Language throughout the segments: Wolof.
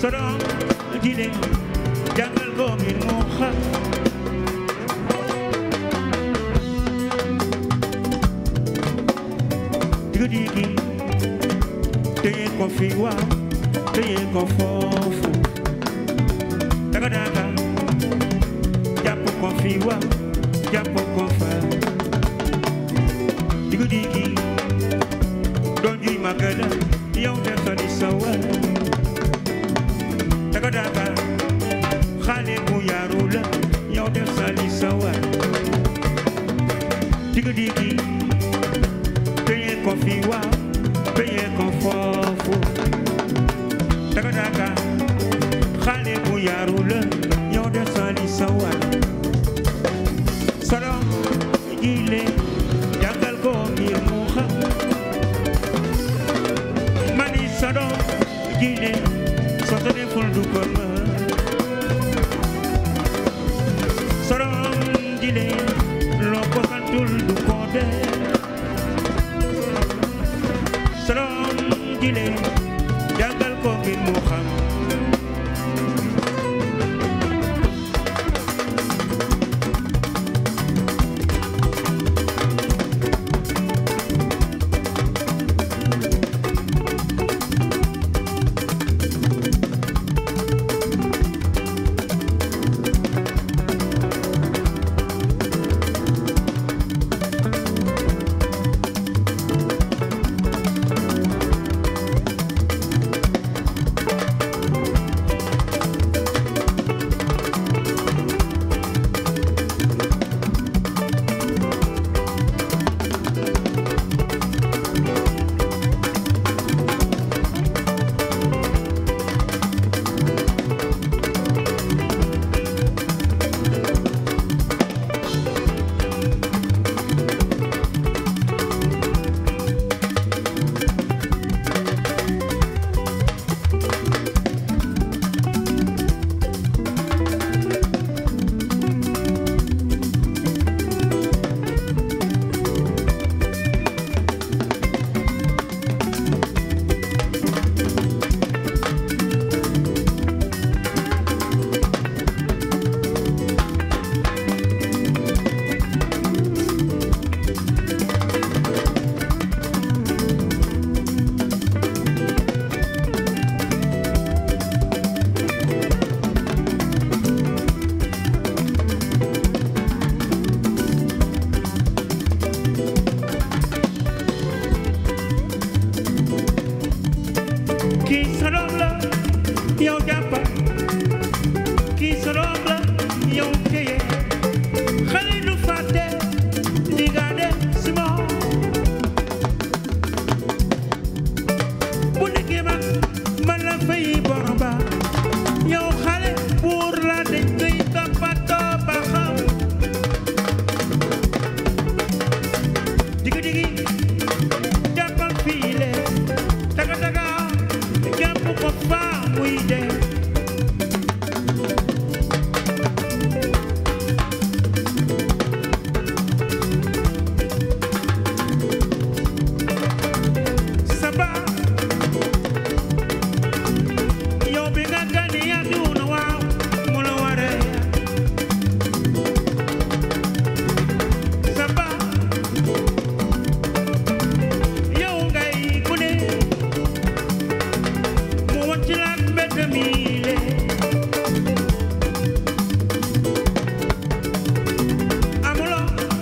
soroom jile jàngal ko ngir mu xam guddi gi téye ko fi waaw téye ko foofu daga daga jàpp ko fi waaw jàpp ko fa guddi gi doon juy màggal yow defari sa wàll jaga daaba xale bu yaaru la yow def sali sawar digg diggi téye ko fi waaw soroom jile jàngal ko ngir mu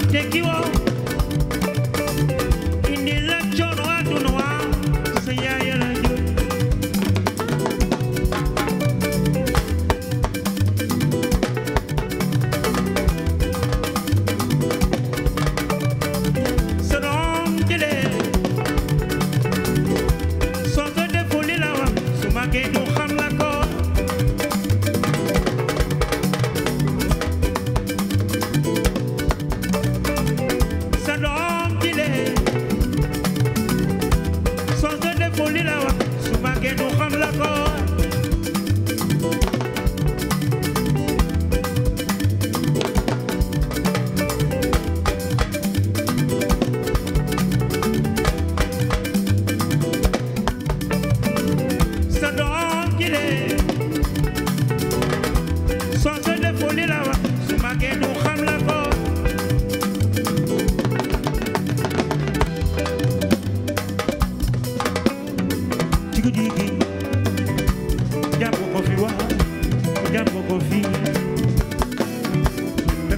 te que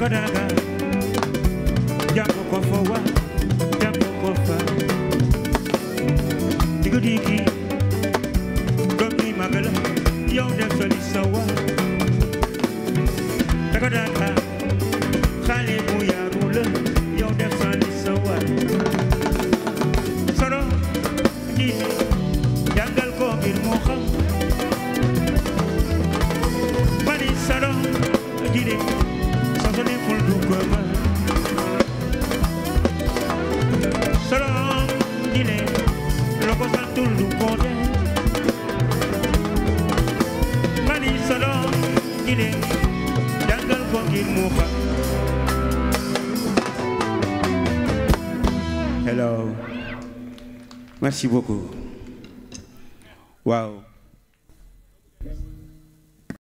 daga daga jàng ko fo wa jàngal hello merci beaucoup waaw